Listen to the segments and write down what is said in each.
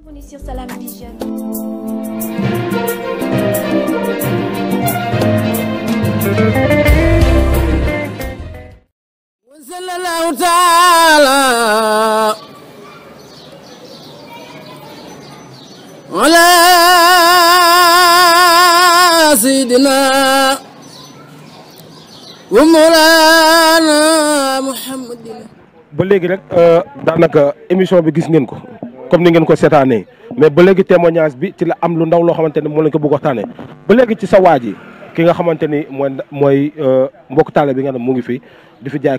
Bienvenue sur Salam Vision. وصلى الله تعالى على سيدنا ومولانا محمد ba léegi rek euh, daanaka émission bi gis ngeen ko comme ni ngeen ko seetaanee mais ba léegi témoignage bi ci la am lu ndaw loo xamante ne moo lañ ko bëgg waxtaanee ba léegi ci sa waa ji ki nga xamante ni mooy mooy euh, mbokk taale bi nga xam mu ngi fi di fi jaay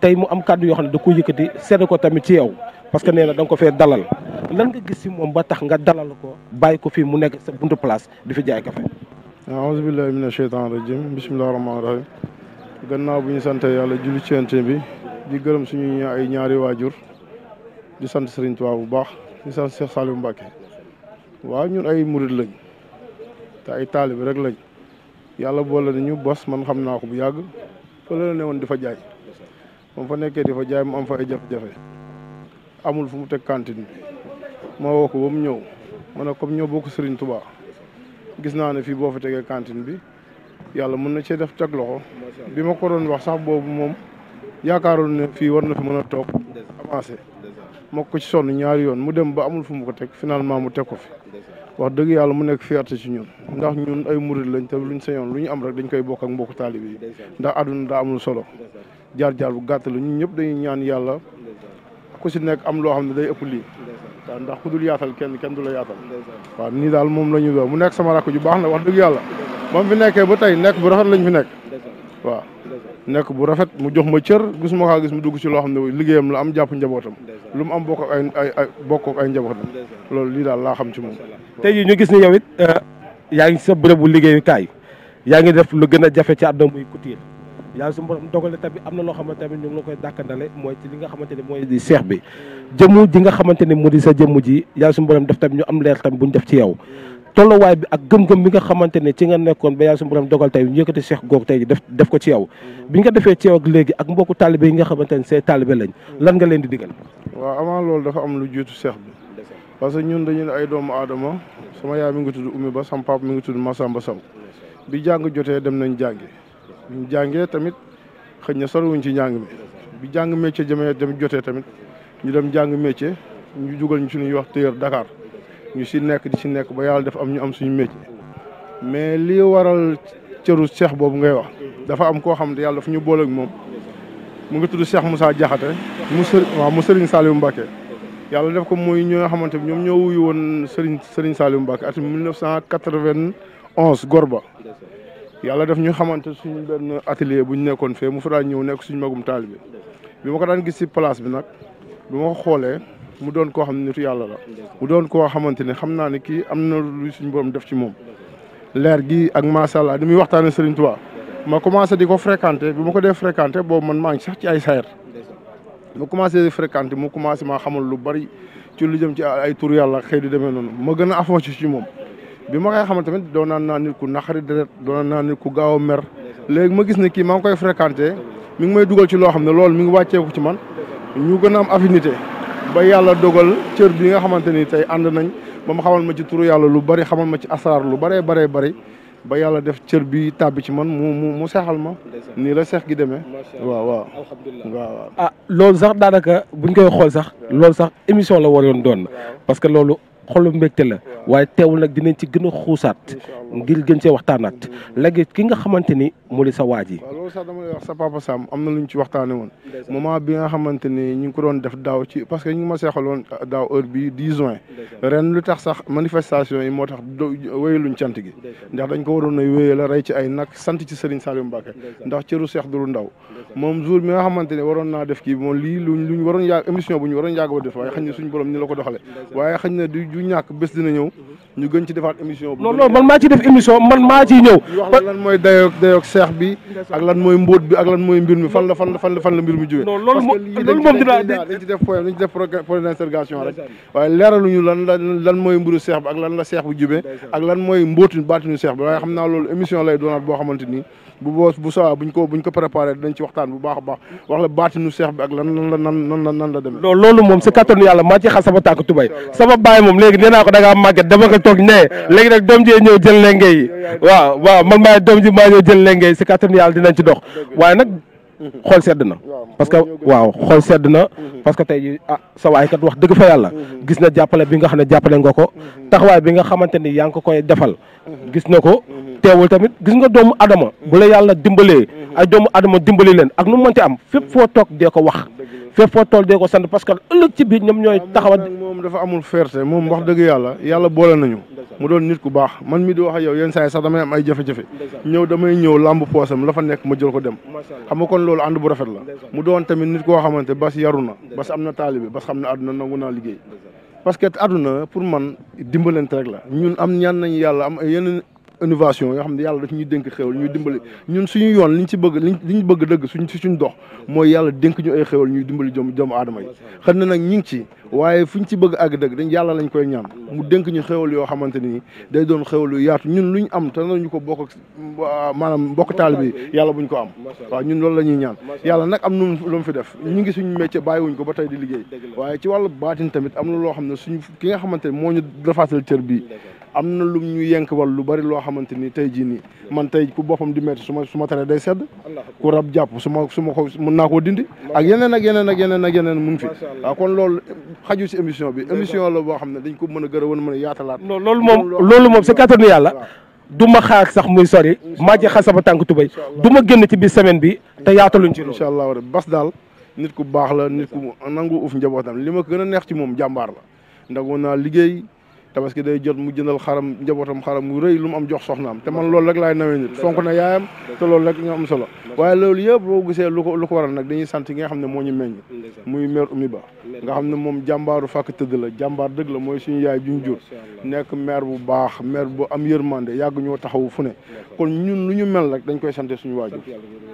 tey mu am kàddu yoo xam ne da ko yëkkati seede ko tamit ci yow parce que nee na da nga ko fee dalal lan gis si moom ba tax nga dalal ko bàyyi ko fii mu nekk buntu place di fi jaay café aouzu billahi mina sheytan rajim bisimillahi rahmaani rahim gannaaw bu ñu sante yàlla julli ci yonent bi di gërëm suñu ay ñaari waajur di sant Serigne Touba bu baax di sant Cheikh Saliou Mbacké waaw ñun ay murid lañ te ay taalibe rek lañ yàlla boole ñu bos man xam naa ko bu yàgg fa la ne woon di fa jaay moom fa nekkee di fa jaay mu am fa ay jafe-jafe amul fu mu teg cantine bi ma woo ko ba mu ñëw ma ne comme ñoo bokk Serigne tubaa gis naa ne fii boo fa tegee cantine bi yàlla mën na cee def teg loxo bi ma ko doon wax sax boobu moom yaakaaroon ne fii war na fi mën a toog avancé moo ko ci sonn ñaari yoon mu dem ba amul fu mu ko teg finalement mu teg ko fi wax dëgg yàlla mu nekk fierté ci ñun ndax ñun ay murid lañ te luñ sañoon lu ñu am rek dañ koy bokk ak mbokku taalib yi ndax àdduna daa amul solo jaar-jaar bu gàtt la ñun ñëpp dañuy ñaan yàlla ku si nekk am loo xam ne day ëpp lii waaw ndax ku dul yaatal kenn kenn du la yaatal waaw nii daal moom la ñu doon mu nekk sama rakk ju baax na wax dëgg yàlla moom fi nekkee ba tey nekk bu rafet lañ fi nekk waaw nekk bu rafet mu jox ma cër gis ma kaa gis mu dugg ci loo xam ne liggéeyam la am jàpp njabootam lu mu am bokk ak ay ay bokk ak ay njabootam loolu lii daal laa xam ci moom tey jii ñu gis ni yow it euh, yaa ngi sa bërëbu liggéeyukaay yaa ngi def lu gën a jafe ci àdduna muy couture yaa su borom dogale tamit am na loo xamante tamit ñu ngi la koy dàkkandale mooy ci li nga xamante ne mooy di seex bi mm. jëmm ji nga xamante ne mu di sa jëmm ji yaa su borom def tamit ñu am leer tamit bu ñu def ci yow tolluwaay bi ak gëm-gëm bi nga xamante ne ci nga nekkoon ba yàlla suñu borom dogal tey ñu yëkkati Cheikh Goor tey def def ko ci yow bi nga defee ci yow ak léegi ak mbokku taalibe yi nga xamante ne say taalibe lañ lan nga leen di digal waa avant loolu dafa am lu jiitu Cheikh bi parce que ñun dañu ne ay doomu aadama sama yaay mi ngi tudd Oumy Ba sama papa mi ngi tudd Massamba Sow bi jàng jotee dem nañ jàngi ñu jàngee tamit xëñ na sorowuñ ci njàng mi bi jàng métier jamee dem jotee tamit ñu dem jàng métier ñu jugal ñu ci ñuy wax téyër Dakar ñu si nekk di si nekk ba yàlla dafa am ñu am suñu métier mais li waral cëru seex boobu ngay wax dafa am koo xam yàlla dafa ñu boole moom mu ngi tudd Cheikh Moussa Diakhaté mu sëriñ waaw mu sëriñ Saliou mbake yàlla def ko muy ñoo xamante bi ñoom ñëw wuyu woon sëriñ sëriñ Saliou Mbacké atum 1991 Gorba yàlla def ñu xamante suñu benn atelier bu ñu nekkoon fee mu fa ñëw nekk suñu magum taalibe bi ma ko daan gis si place bi nag bi ma ko xoolee mu doon koo xam ne nitu yàlla la mu doon koo xamante ne xam naa ne kii am na lu suñu borom def ci moom leer gi ak macha allah di muy waxtaane Serigne Touba ma commencé di ko fréquenter bi ma ko dee fréquenter boobu man maa ngi sax ci ay sayer ma commencé di fréquenter mu commencé maa lu bari ci lu jëm ci ay tur yàlla xëy di demee noonu ma gën a avancé ci moom bi ma koy xamal tamit doon naan naa nit ku naqari deret doon naa nit ku gaaw a mer léegi ma gis ne kii maa ngi koy fréquenter mi ngi may dugal ci loo xam ne loolu mi ngi wàcceeku ci man ñu gën a am affinité ba yàlla dogal cër bi nga xamante ni tey ànd nañ ba mu xamal ma ci turu yàlla lu bari xamal ma ci asraar lu baree baree bari ba yàlla def cër bi tàbbi ci man mu mu mu seexal ma. nii la seex gi demee. waaw waaw alhamdulilah ah loolu sax daanaka buñ koy xool sax. loolu sax émission la waroon doon. na parce que loolu xolu mbégte la. waaye teewul nag dinañ ci gën a xuusaat. ngir gën see waxtaanaat léegi ki nga xamante ni moo di sa waa ji. waaw loolu sax dama sa papa Sam am na lu ñu ci waxtaanee woon. moment bi nga xamante ni ñu ngi ko doon def daaw ci parce que ñu ma seexaloon euh, daaw heure bi 10 juin. ren lu tax sax manifestation yi moo tax do wéyaluñ cant gi. ndax dañ ko waroon a wéyal rey ci ay nag sant ci Serigne Saliou Mbacké. ndax seex du lu moom jour bi nga xamante ne waroon naa def kii moom lii luñ luñ waroon yàgg émission bu ñu waroon yàgg ba def waaye xëy na suñu borom ni la ko doxale waaye xëy na du ñàkk bés dina ñëw ñu gën ci defaat émission bu def émission man maa ciy ñëw. wax lan mooy dayoog seex bi ak lan mooy mbóot bi ak lan mooy mbir mi fan la fan la fan la mbir mi jógee. non loolu moom loolu moom dinaa la seex bi jubee ak loolu bu boo bu sawaa buñ a la baatinu seex bi ak la nan nan nan la demee. non moom si kattanu yàlla maa ci xas sama tàkk tubay sama baay moom léegi nee ko da ngaa dama ko toog nee eh. léegi nag doom jee ñëw jël lenge yi waaw man maay doom ji maa ñëw jël lenge yi si kàttan yàlla dinañ ci dox waaye nag xool sedd na parce que waaw xool sedd na mhm. parce que tey ah sa waay kat wax dëgg fa yàlla mhm. gis na jàppale bi nga xam ne jàppale nga ko mhm. taxawaay bi nga xamante ni yaa ngi ko koy defal gis na ko teewul tamit gis nga doomu adama bu la yàlla dimbalee ay doomu adama dimbali leen ak nu mu am fépp foo toog dee ko wax fépp foo tool dee ko sant parce ëllëg ci biir ñoom ñooy taxawa moom dafa amul fierté moom wax dëgg yàlla yàlla boole nañu mu doon nit ku baax man mi di wax ak yow yenn saa sax damay am ay jafe-jafe ñëw damay ñëw làmb poosam la fa nekk ma jël ko dem xam kon loolu ànd bu rafet la mu doon tamit nit koo xamante bas yaru bas am na taalibe bas xam ne àdduna nangu naa liggéey innovation yoo xam ne yàlla daf ñuy dénk xéwal ñu dimbali ñun suñu yoon ñu ci bëgg liñ liñ bëgg dëgg suñ si suñ dox mooy yàlla denk ñu ay xéwal ñuy dimbali jom jom aadama yi xam na nag ñu ngi ci waaye fuñ ci bëgg àgg dëgg dañ yàlla lañ koy ñaan mu dénk ñu xéwal yoo xamante ni day doon xéwal yu yaatu ñun luñ am te na nañu ko bokk maanaam mbokk taalibe yi yàlla buñ ko am waaw ñun loolu la ñuy ñaan yàlla nag am nu lu mu fi def ñu ngi suñu métier bàyyiwuñ ko ba tey di liggéey waaye ci wàllu baatin tamit am na loo xam ne suñu ki nga xamante ni moo ñu defaatal cër bii am na lu ñu yenk wal lu bari loo xamante ni tey jii nii man tey ku boppam di métti su ma su ma taree day sedd ku rab jàpp su ma su ma ko mën naa koo dindi ak yeneen ak yeneen ak yeneen ak yeneen mun fi waaw kon loolu xaju si émission bi émission la boo xam ne dañ ko mën a gër a mën a yaatalaat loolu moom loolu moom si kattanu yàlla du ma xaar sax muy sori maa ci xas sama tànk tubay du ma génn ci biir semaine bi te yaataluñ ci loolu incha allah rek bas daal nit ku baax la nit ku nangu uf njabootam li ma gën a neex ci moom jàmbaar la ndax woon naa liggéey tabaski day jot mu jëndal xaram njabootam xaram mu rëy lu mu am jox soxna soxnaam te man loolu rek laay nawee nit na yaayam te loolu rek nga am solo waaye loolu yëpp boo gisee lu ko lu ko waral nag dañuy sant yi nga xam ne moo ñu meññ muy mère Oumy Ba nga xam ne moom jàmbaaru fàkk tëdd la jàmbaar dëgg la mooy suñu yaay ju ñu nekk mère bu baax mère bu am yërmande yàgg ñoo taxaw fu ne kon ñun lu ñu mel rek dañ koy sante suñu waajur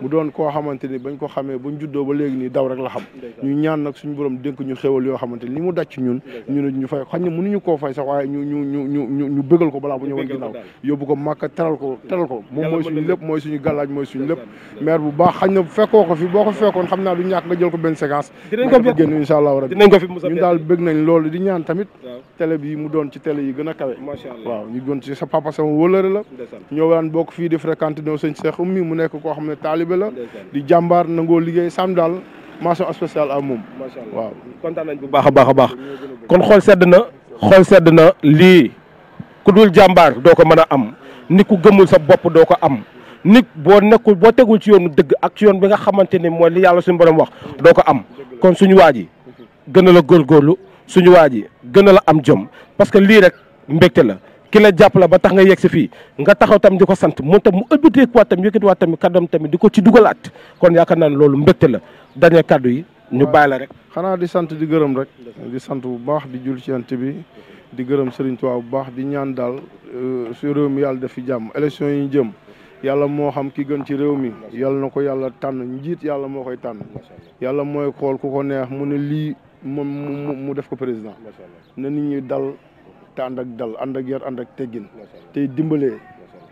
mu doon koo xamante ni bañ ko xamee bañ juddoo ba léegi nii daw rek la xam ñu ñaan nag suñu borom dénk ñu xéwal yoo xamante ni mu dacc ñun ñu ñu fay xam ne mënuñu koo fay sax waaye waaye ñu ñu ñu ñu ñu ñu bëggal ko balaa bu ñëwoon ginnaaw yóbbu ko màkka teral ko teral ko moom mooy suñu lépp mooy suñu gàllaaj mooy suñu lépp maire bu baax xañ na fekkoo ko fi boo ko fekkoon xam naa du sa papa sama wëlëre la ñoo bokk fii di fréquenté ñoo sëñ Cheikh Oumy mu nekk koo xam ne taalibe la di jàmbaar nangoo liggéey sam daal mention spéciale à moom a baax a baax kon xool sedd na xol sedd na lii ku dul jàmbaar doo ko mën a am nit ku gëmul sa bopp doo ko am nit boo nekkul boo tegul ci yoonu dëgg ak ci yoon bi nga xamante ni mooy li yàlla suñu borom wax doo ko am kon suñu waa ji gën a la góorgóorlu suñu waa ji gën a la am jom parce que lii rek mbégte la kila jàpp la ba tax nga yegg si fii nga taxaw tam di ko sant moom tam mu ëlbatee kuwaat tam yëkkatiwaat tamit kàddoom tamit di ko ci dugalaat kon yaakaar naa ne loolu mbégte la dernier kàddu yi ñu bàyyi la rek. xanaa di sant di gërëm rek. di sant bu baax di jul ci yant bi. di gërëm Serigne Touba bu baax di ñaan daal euh, su réew mi yàlla def fi jàmm élection yi ñu jëm yàlla moo xam ki gën ci réew mi yàlla na ko yàlla tànn njiit yàlla moo koy tànn yàlla mooy xool ku ko neex mu ne lii moom mu def ko président ne nit ñi dal te ànd ak dal ànd ak yar ànd ak teggin tey dimbalee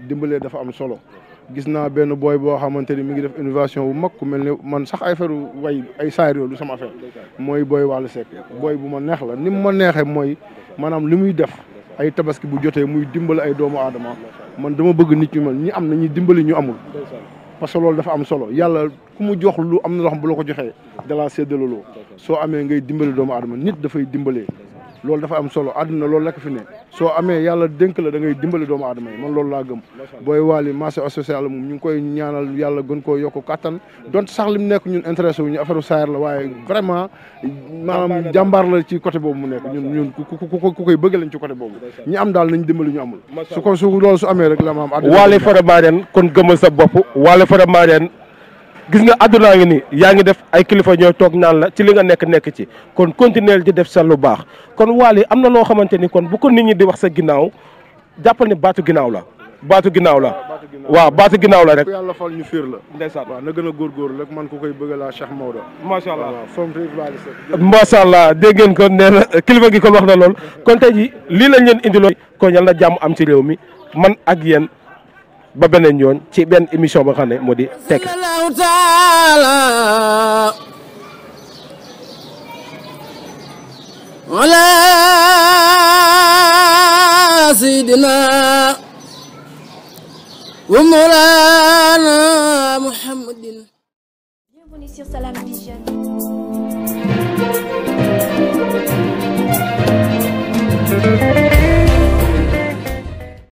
dimbalee dafa am solo. gis naa benn booy boo xamante ni mi ngi def innovation bu mag ku mel ni man sax ay feru way ay saar yooyu du sama affaire mooy booy wàllu sekk booy bu ma neex la ni mu ma neexee mooy maanaam li muy def ay tabaski bu jotee muy dimbali ay doomu aadama man dama bëgg nit ñu mel ñi am na ñi dimbali ñu amul. parce que loolu dafa am solo yàlla ku mu jox lu am na loo xam bu la ko joxee dalaa séddaloo soo amee ngay dimbali doomu aadama nit dafay dimbalee loolu dafa am solo àdduna loolu la fi ne soo amee yàlla dénk la da ngay dimbali doomu aadama yi man loolu laa gëm booy waali marché social moom ñu ngi koy ñaanal yàlla gën koo yokk kattan donte sax li mu nekk ñun intéressé wu ñu affaire saayar la waaye vraiment maanaam jàmbaar la ci côté boobu mu nekk ñun ñun ku koy bëgg lañ ci côté boobu ñi am daal nañ dimbali ñu amul su ko su loolu su amee rek la maam waali fara maareen kon gëmal sa bopp waali fara maareen gis nga àddunaa ngi ni yaa ngi def ay kilifa ñooy toog naan la ci li nga nekk nekk ci kon continuer di def sa lu baax kon Wally am na loo xamante ni kon bu ko nit ñi di wax sa ginnaaw jàppal ni baatu ginnaaw la baatu ginnaaw la waaw baatu ginnaaw la rek yàlla fal ñu fiir la ndeysaan waaw na gën a góorgóorlu rek man ko koy bëgg laa Cheikh Maodo macha allah macha allah dégg ngeen ko nee na kilifa gi kon wax na lool kon tey ji lii lañ leen indi lool kon yàlla na jàmm am ci réew mi man ak yéen ba beneen yoon ci benn émission boo xam ne moo di tekki wala sidina wa mawlana muhammadin bienvenue sur Salam Vision